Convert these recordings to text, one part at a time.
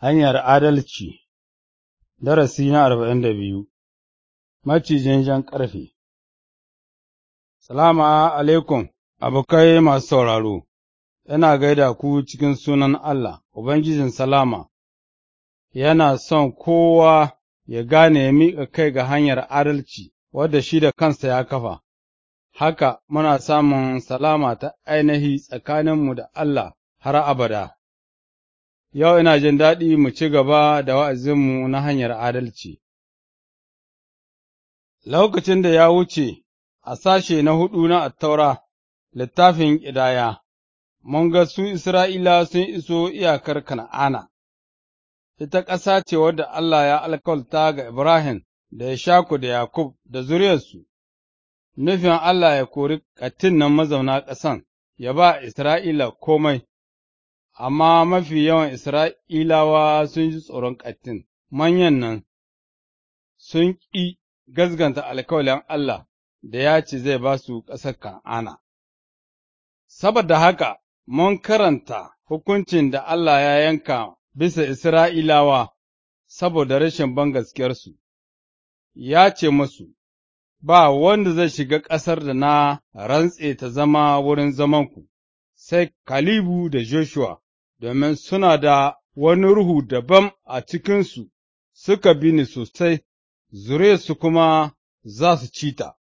Hanyar Adalci Darasi na arba'in da biyu Macijin jan ƙarfe Salama alaikum, abokai masu sauraro, yana gaida ku cikin sunan Allah, Ubangijin Salama, yana son kowa ya gane ya miƙa kai ga hanyar adalci wadda shi da kansa ya kafa, haka muna samun salama ta ainihi tsakaninmu da Allah har abada. Yau ina jin daɗi mu ci gaba da wa'azinmu na hanyar adalci. Lokacin da ya wuce a sashe na huɗu na attaura, littafin ƙidaya, mun ga su Isra'ila sun iso iyakar Kana'ana, ita ƙasa ce wadda Allah ya alkalta ga Ibrahim da ya Ishaku da Yakub da zuriyarsu, nufin Allah ya kori ƙatin nan mazauna ƙasan, ya ba Isra'ila komai. amma mafi yawan Isra'ilawa sun ji tsoron ƙattin, manyan nan sun ƙi gazganta alkawalin Allah da ya ce zai ba su ƙasar Kan'ana. Saboda haka, mun karanta hukuncin da Allah ya yanka bisa Isra'ilawa saboda rashin bangaskiyarsu, ya ce masu Ba wanda zai shiga ƙasar da na rantse ta zama wurin zamanku, sai Kalibu da Joshua domin suna da wani ruhu dabam a cikinsu, suka bi ni sosai, su kuma za su ci ta,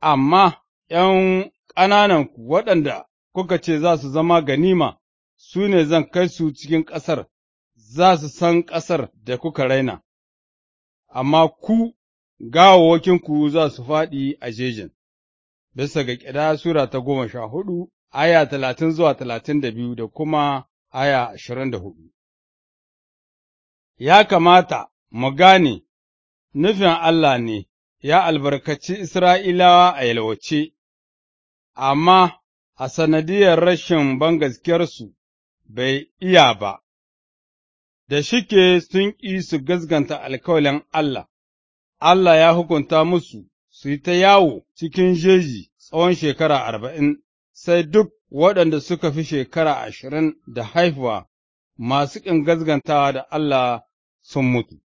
amma ’yan ƙanananku waɗanda kuka ce za su zama ganima, su ne zan kai su cikin ƙasar, za su san ƙasar da kuka raina, amma ku gawawwakinku za su faɗi a jejin, bisa ga ƙida Sura ta goma sha hudu aya talatin zuwa talatin da biyu da kuma aya ashirin da hudu. Ya kamata mu gane nufin Allah ne ya albarkaci Isra'ilawa a yalwace, amma a sanadiyar rashin bangaskiyarsu bai iya ba, da shike sun ƙi su gaskanta alkawalin Allah, Allah ya hukunta musu su yi ta yawo cikin jeji tsawon shekara arba'in. sai duk waɗanda suka fi shekara ashirin da haifuwa masu ƙin gazgantawa da Allah sun mutu.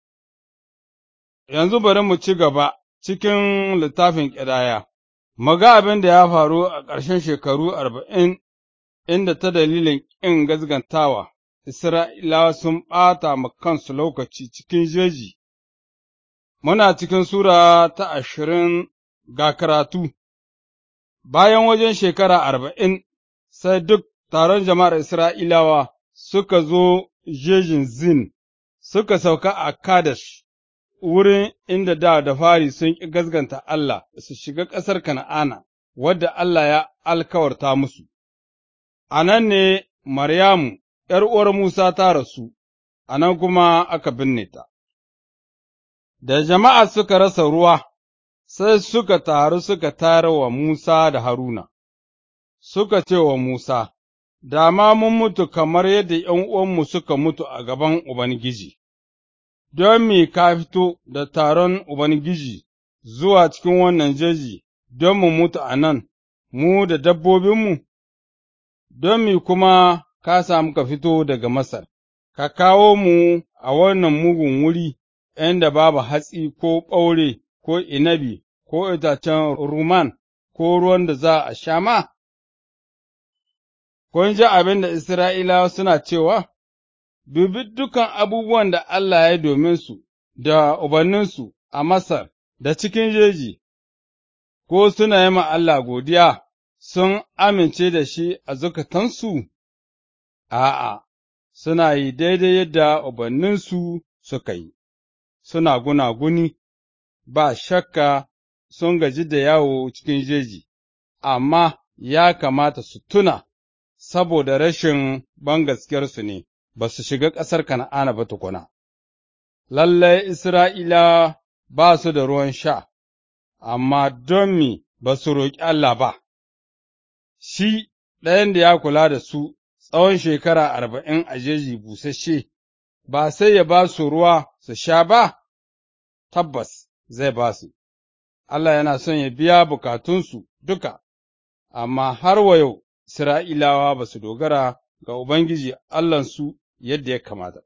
Yanzu bari mu ci gaba cikin littafin ƙidaya, maga abin da ya faru a ƙarshen shekaru arba'in inda ta dalilin ƙin gazgantawa, Isra'ilawa sun ɓata ma kansu lokaci cikin jeji. Muna cikin Sura ta ashirin ga karatu. Bayan wajen shekara arba'in, sai duk taron jama'ar Isra'ilawa suka zo jejin Zin, suka sauka a Kadesh, wurin inda da da fari sun ƙi gaskanta Allah su shiga ƙasar Kana'ana, wadda Allah ya alkawarta musu. A nan ne Maryamu, uwar Musa ta rasu, a nan kuma aka binne ta. Da jama'a suka rasa ruwa, sai suka taru suka tara wa Musa da Haruna, suka ce wa Musa, Da ma mun mutu kamar yadda ’yan'uwanmu suka mutu a gaban Ubangiji, don me ka fito da taron Ubangiji zuwa cikin wannan jeji don mu mutu a nan, mu da dabbobinmu? Don me kuma ka samu ka fito daga Masar, ka kawo mu a wannan mugun wuri, inda babu hatsi ko ɓaure ko inabi, ko itacen ruman, ko ruwan da za a sha ma? Kun ji abin da Isra'ilawa suna cewa, Dubi dukan abubuwan da Allah ya domin su, da ubanninsu a Masar, da cikin jeji, ko suna yi ma Allah godiya, sun amince da shi a zukatansu? A'a, suna yi daidai yadda ubanninsu suka yi, suna gunaguni, ba shakka sun gaji da yawo cikin jeji, amma ya kamata su tuna saboda rashin bangaskiyarsu ne, ba su shiga ƙasar Kana'ana ba tukuna. Lallai Isra'ila ba su da ruwan sha, amma don mi ba su roƙi Allah ba, shi ɗayan da ya kula da su tsawon shekara arba'in a jeji busasshe, ba sai ya ba su ruwa su sha ba, tabbas zai ba su, Allah yana son ya biya bukatunsu duka, amma har wa yau Isra'ilawa ba su dogara ga Ubangiji Allahnsu yadda ya kamata.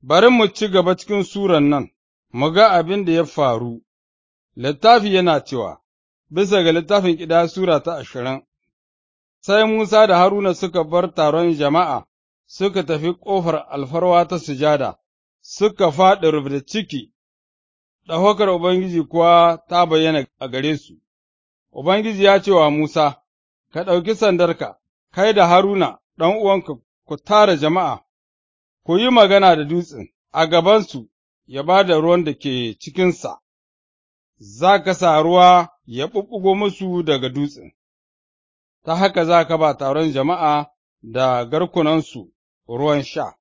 Bari mu ci gaba cikin suran nan, mu ga abin da ya faru, littafi yana cewa, bisa ga littafin ƙida Sura ta ashirin, sai Musa da Haruna suka bar taron jama'a suka tafi ƙofar alfarwa ta sujada, suka faɗi rubda ciki ɗaukakar Ubangiji kuwa ta bayyana a gare su, Ubangiji ya ce wa Musa, Ka ɗauki sandarka, kai da Haruna ɗan uwanka ku tara jama'a, ku yi magana da dutsen a gabansu ya ba da ruwan da ke cikinsa, za ka sa ruwa ya ɓuɓɓugo musu daga dutsen, ta haka za ka ba taron jama'a da garkunansu ruwan sha.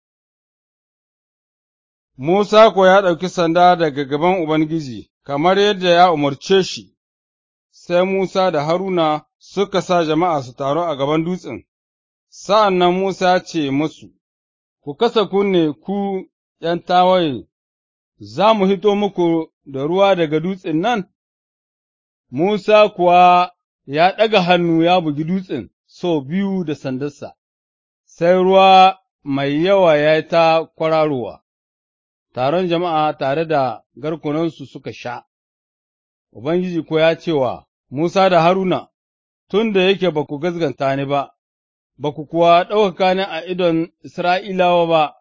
Musa ko ya ɗauki sanda daga gaban Ubangiji, kamar yadda ya umarce shi, sai Musa da Haruna suka sa jama'a su taru a gaban dutsen, sa'an nan Musa ce musu, Ku kasa kunne ku ’yan tawaye, za mu hito muku da ruwa daga dutsen nan? Musa kuwa ya ɗaga hannu ya bugi dutsen sau biyu da sandarsa, sai ruwa mai yawa ya yi ta kwararowa. taron jama'a tare da garkunansu suka sha, Ubangiji ko ya cewa Musa da Haruna, tun da yake ba ku gazganta ni ba, ba ku kuwa ɗaukaka ni a idon Isra'ilawa ba,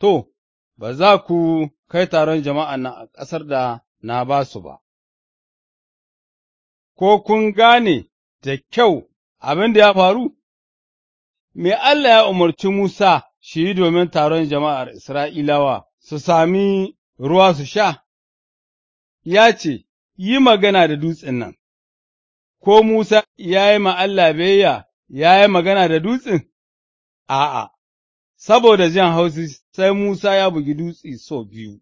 to, ba za ku kai taron jama'a na a ƙasar da na ba su ba. Ko kun gane da kyau abin da ya faru? Me Allah ya umarci Musa shi yi domin taron jama'ar Isra'ilawa? su sami ruwa su sha? Ya ce, Yi magana da dutsen nan, ko Musa ya yi Allah biyayya ya yi magana da dutsen? A'a, saboda jan hausi sai Musa ya bugi dutse so biyu,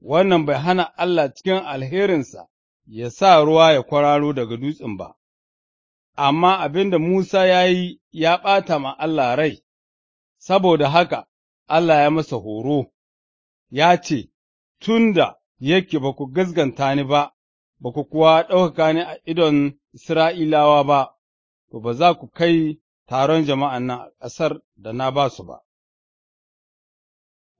wannan bai hana Allah cikin alherinsa ya sa ruwa ya kwararo daga dutsen ba, amma abin da Musa ya yi ya ɓata ma Allah rai, saboda haka Allah ya masa horo. ya ce, Tun da yake ba ku gaskanta ni ba, ba ku kuwa ɗaukaka ni a idon Isra'ilawa ba, to ba za ku kai taron jama'an nan a ƙasar da na ba su ba.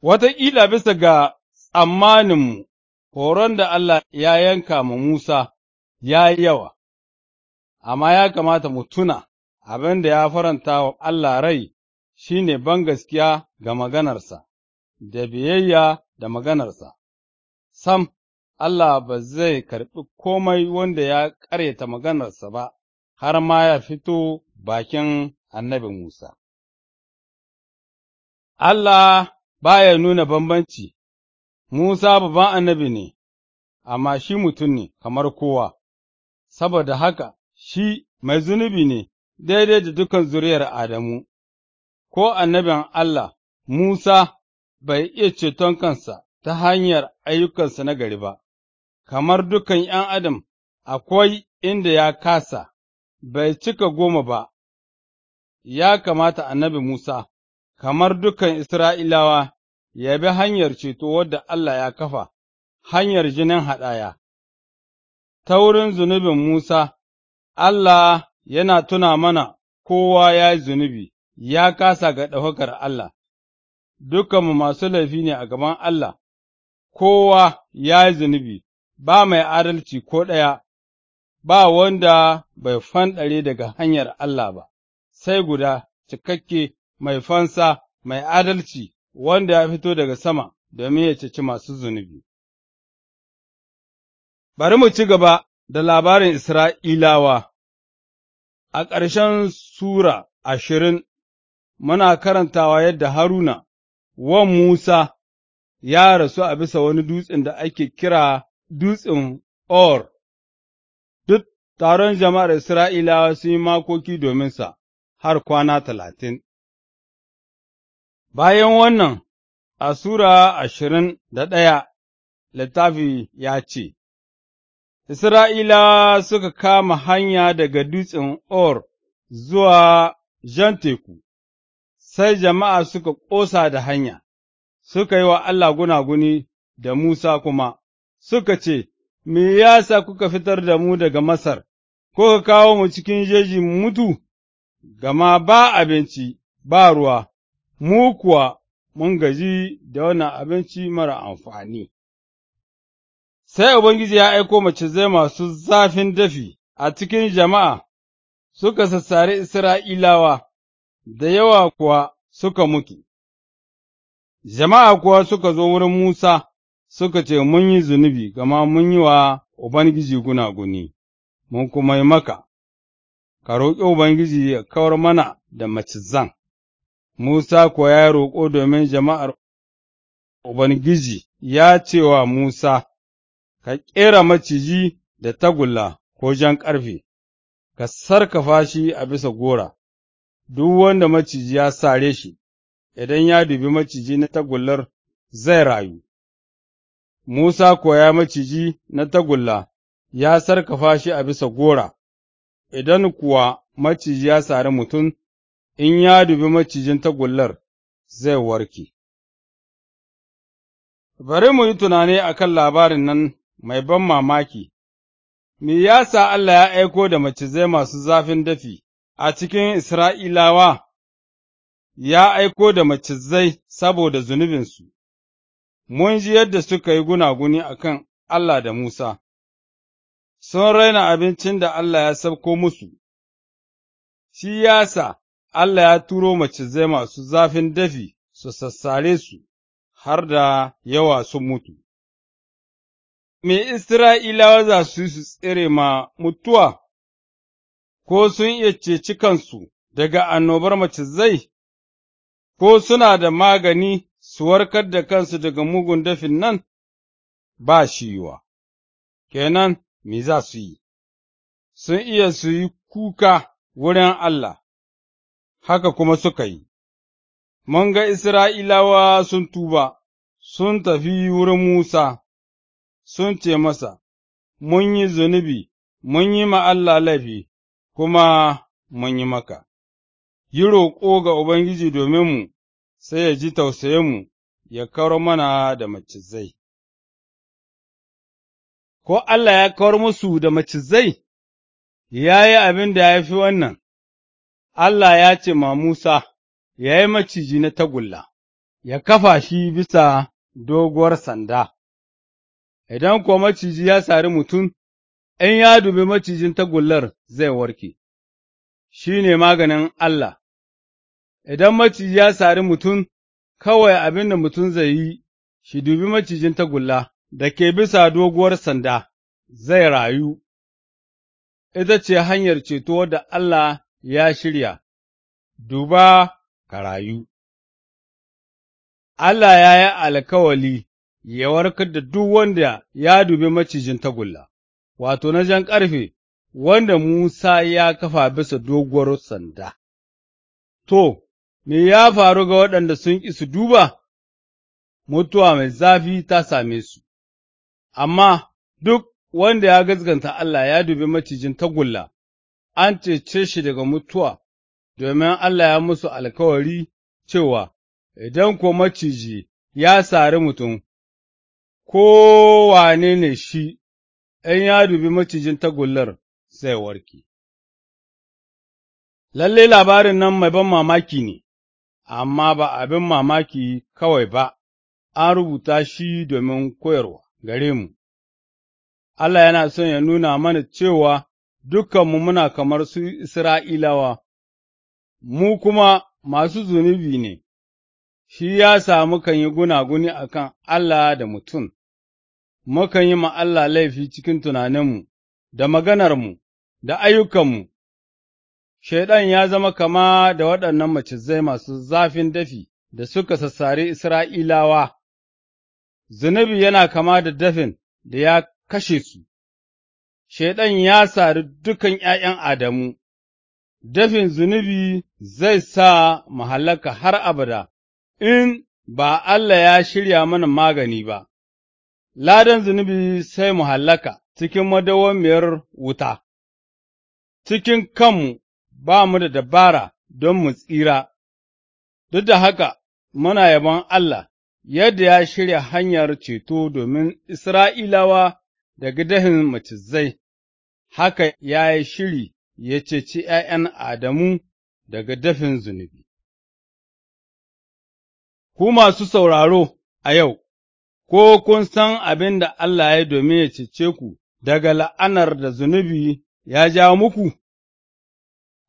Wataƙila bisa ga tsammaninmu, horon da Allah ya yanka ma Musa ya yi yawa, amma ya kamata mu tuna abin da ya faranta wa Allah rai shi ne gaskiya ga maganarsa. da biyayya da maganarsa, sam, Allah ba zai karɓi komai wanda ya ƙaryata maganarsa ba, har ma ya fito bakin annabi Musa. Allah baya nuna bambanci, Musa babban annabi ne, amma shi mutum ne kamar kowa, saboda haka shi mai zunubi ne daidai da dukan zuriyar Adamu, ko annabin Allah, Musa bai iya ceton kansa ta hanyar ayyukansa na gari ba, kamar dukan ’yan adam akwai inda ya kasa, bai cika goma ba, ya kamata annabi Musa, kamar dukan Isra'ilawa, ya bi hanyar ceto wadda Allah ya kafa, hanyar jinin haɗaya. Ta wurin zunubin Musa, Allah yana tuna mana kowa ya yi zunubi, ya kasa ga ɗaukar Allah. dukanmu masu laifi ne a gaban Allah, kowa ya yi zunubi, ba mai adalci ko ɗaya, ba wanda bai fanɗare daga hanyar Allah ba, sai guda cikakke mai fansa mai adalci wanda ya fito daga sama domin ya ceci masu zunubi. Bari mu ci gaba da labarin Isra'ilawa a ƙarshen Sura ashirin muna karantawa yadda Haruna wa Musa ya rasu a bisa wani dutsen da ake kira dutsen Or, duk taron jama'ar Isra'ilawa sun yi makoki sa har kwana talatin. Bayan wannan, a Sura ashirin da ɗaya, littafi ya ce, Isra'ilawa suka kama hanya daga dutsen Or zuwa Jan teku, sai jama'a suka ƙosa da hanya, suka yi wa Allah gunaguni da Musa kuma, suka ce, Me yasa kuka fitar da mu daga Masar, Ko ka kawo mu cikin jeji mutu, gama ba abinci, ba ruwa, mu kuwa mun gaji da wannan abinci mara amfani. Sai Ubangiji ya aiko mace zai masu zafin dafi a cikin jama'a, suka sassare Isra'ilawa. da yawa kuwa suka mutu. Jama'a kuwa suka zo wurin Musa suka ce, Mun yi zunubi, gama mun yi wa Ubangiji gunaguni, mun kuma yi maka, ka roƙi Ubangiji ya kawar mana da macizan. Musa kuwa ya roƙo domin jama'ar Ubangiji ya ce wa Musa, Ka ƙera maciji da tagulla ko jan ƙarfe, ka sarkafa shi a bisa gora, duk wanda maciji ya sare shi, idan ya dubi maciji na tagullar zai rayu. Musa kuwa ya maciji na tagulla ya sarkafa shi a bisa gora, idan kuwa maciji ya sari mutum, in ya dubi macijin tagullar zai warke. Bari mu yi tunani a kan labarin nan mai ban mamaki, me ya sa Allah ya aiko da macizai masu zafin dafi a cikin Isra'ilawa, ya aiko da macizai saboda zunubinsu, mun ji yadda suka yi gunaguni a kan Allah da Musa, sun raina abincin da Allah ya sabko musu, shi yasa Allah ya turo macizai masu zafin dafi su sassare su har da yawa sun mutu. Me Isra'ilawa za su yi su tsere ma mutuwa? ko sun iya ceci kansu daga annobar macizai, ko suna da magani su warkar da kansu daga mugun dafin nan, ba shi yiwa, kenan me za su yi, sun iya su yi kuka wurin Allah, haka kuma suka yi, mun ga Isra'ilawa sun tuba, sun tafi wurin Musa, sun ce masa, Mun yi zunubi, mun yi ma Allah laifi, kuma mun yi maka, yi roƙo ga Ubangiji dominmu, sai ya ji tausayinmu, ya kawar mana da macizai. Ko Allah ya kawar musu da macizai, ya yi abin da ya fi wannan, Allah ya ce ma Musa, ya yi maciji na tagulla, ya kafa shi bisa doguwar sanda, idan kuwa maciji ya sari mutum, Yan ya dubi macijin tagullar zai warke, shi ne maganin Allah, idan maciji ya sari mutum, kawai abin da mutum zai yi, shi dubi macijin tagulla da ke bisa doguwar sanda, zai rayu, ita ce hanyar ceto da Allah ya shirya, duba ka rayu. Allah ya yi alkawali ya warkar da duk wanda ya dubi macijin tagulla. wato na jan ƙarfe, wanda Musa ya kafa bisa doguwar sanda. To, me ya faru ga waɗanda sun ƙi duba? Mutuwa mai zafi ta same su, amma duk wanda ya gaskanta Allah ya dubi macijin tagulla, an cece shi daga mutuwa, domin Allah ya musu alkawari cewa, Idan ko maciji ya sari mutum, ko wane ne shi in ya dubi macijin tagullar sai warke. Lalle labarin nan mai ban mamaki ne, amma ba abin mamaki kawai ba, an rubuta shi domin koyarwa gare mu. Allah yana son ya nuna mana cewa mu muna kamar su Isra'ilawa, mu kuma masu zunubi ne, shi ya samu kan yi gunaguni a kan Allah da mutum, mukan yi ma Allah laifi cikin tunaninmu, da maganarmu, da ayyukanmu, Shaiɗan ya zama kama da waɗannan macizai masu zafin dafi da suka sassari Isra'ilawa, zunubi yana kama da dafin da ya kashe su, Shaiɗan ya sari dukan ’ya'yan Adamu, dafin zunubi zai sa mahallaka har abada in ba Allah ya shirya mana magani ba. ladan zunubi sai mu hallaka cikin madawwamiyar wuta, cikin kanmu ba mu da dabara don mu tsira, duk da haka muna yabon Allah yadda ya shirya hanyar ceto domin Isra'ilawa daga dahin macizai, haka ya yi shiri ya ceci ’ya'yan Adamu daga dafin zunubi. Ku masu sauraro a yau. ko kun san abin da Allah ya domin ya cece ku daga la'anar da zunubi ya ja muku?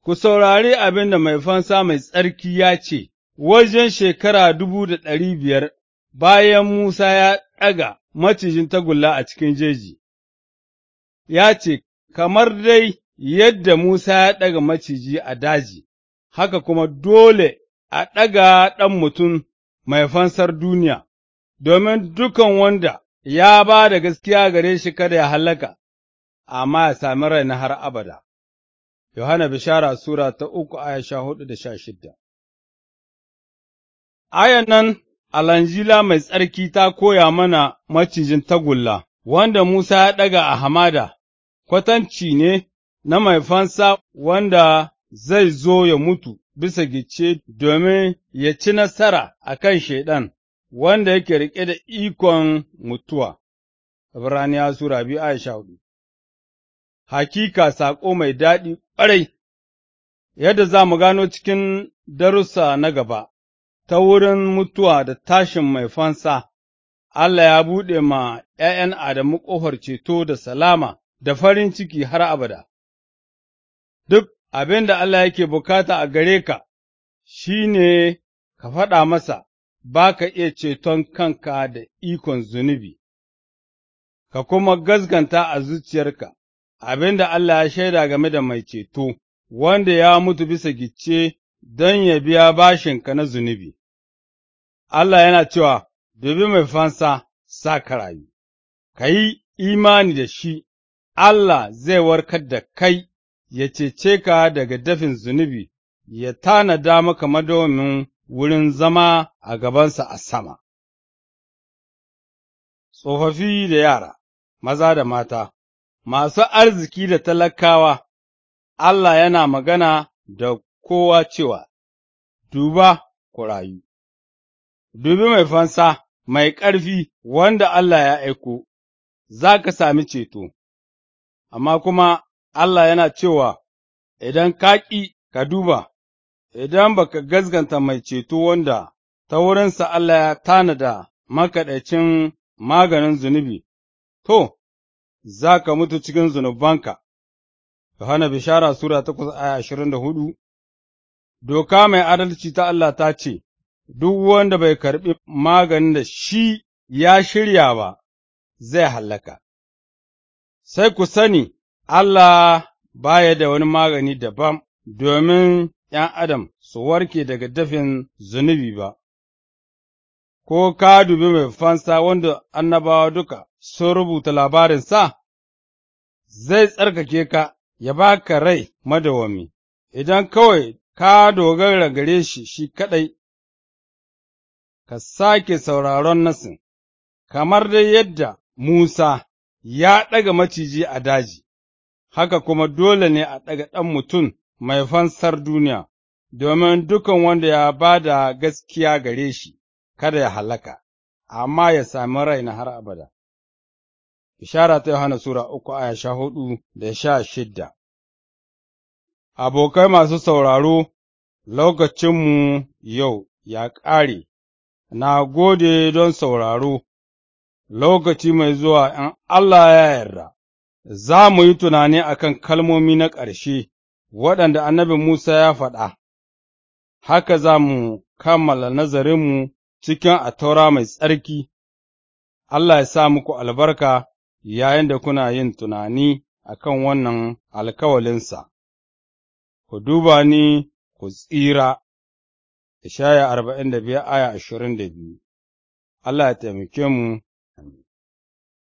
Ku saurari abin da mai fansa mai tsarki ya ce, wajen shekara dubu da ɗari biyar bayan Musa ya ɗaga macijin tagulla a cikin jeji, ya ce, Kamar dai yadda Musa ya ɗaga maciji a daji, haka kuma dole a ɗaga ɗan mutum mai fansar duniya. domin dukan wanda ya ba da gaskiya gare shi kada ya hallaka, amma ya sami rai na har abada. Yohana Bishara Sura ta uku aya sha hudu da sha shida Ayan nan alanjila mai tsarki ta koya mana macijin tagulla, wanda Musa ya ɗaga a hamada, kwatanci ne na mai fansa wanda zai zo ya mutu bisa gice domin ya ci nasara a kan Shaiɗan. wanda yake riƙe da ikon mutuwa, Ibraniya Sura biyu a sha hudu. Hakika saƙo mai daɗi ƙwarai, yadda za mu gano cikin darussa na gaba, ta wurin mutuwa da tashin mai fansa, Allah ya buɗe ma ’ya'yan Adamu ƙofar ceto da salama da farin ciki har abada. Duk abin da Allah yake bukata a gare ka, shi ne ka faɗa masa, ba ka iya ceton kanka da ikon zunubi, ka kuma gaskanta a zuciyarka abin da Allah ya shaida game da mai ceto, wanda ya mutu bisa gice don ya biya bashinka na zunubi. Allah yana cewa, Dubi mai fansa sa ka rayu, ka yi imani da shi, Allah zai warkar da kai, ya cece ka daga dafin zunubi, ya tanada maka madomin wurin zama a gabansa a sama. Tsofaffi da yara, maza da mata, masu arziki da talakawa, Allah yana magana da kowa cewa, Duba ku rayu, dubi mai fansa, mai ƙarfi wanda Allah ya aiko, za ka sami ceto, amma kuma Allah yana cewa, Idan ka ƙi ka duba, idan baka gazganta mai ceto wanda ta wurinsa Allah ya tanada makaɗaicin maganin zunubi, to, za ka mutu cikin zunubanka. Yohana Bishara Sura takwas aya ashirin da hudu Doka mai adalci ta Allah ta ce, Duk wanda bai karɓi maganin da shi ya shirya ba, zai hallaka. Sai ku sani, Allah baya da wani magani dabam domin ’yan adam su warke daga dafin zunubi ba, ko ka dubi mai fansa wanda annabawa duka sun rubuta labarinsa, zai tsarkake ka ya baka rai madawami, idan kawai ka dogara gare shi shi kaɗai, ka sake sauraron nasin, kamar dai yadda Musa ya ɗaga maciji a daji, haka kuma dole ne a ɗaga ɗan mutum mai fansar duniya, domin dukan wanda ya ba da gaskiya gare shi, kada ya halaka, amma ya sami rai na har abada. Ishara ta Yohana Sura uku aya sha hudu da sha shidda Abokai masu sauraro, lokacinmu yau ya ƙare, na gode don sauraro, lokaci mai zuwa in Allah ya yarda, za mu yi tunani a kan kalmomi na ƙarshe waɗanda annabi Musa ya faɗa, haka za mu kammala nazarinmu cikin taura mai tsarki, Allah ya sa muku albarka yayin da kuna yin tunani a kan wannan alkawalinsa, ku duba ni ku tsira, Ishaya arba'in da biyar aya ashirin da biyu, Allah ya taimake mu.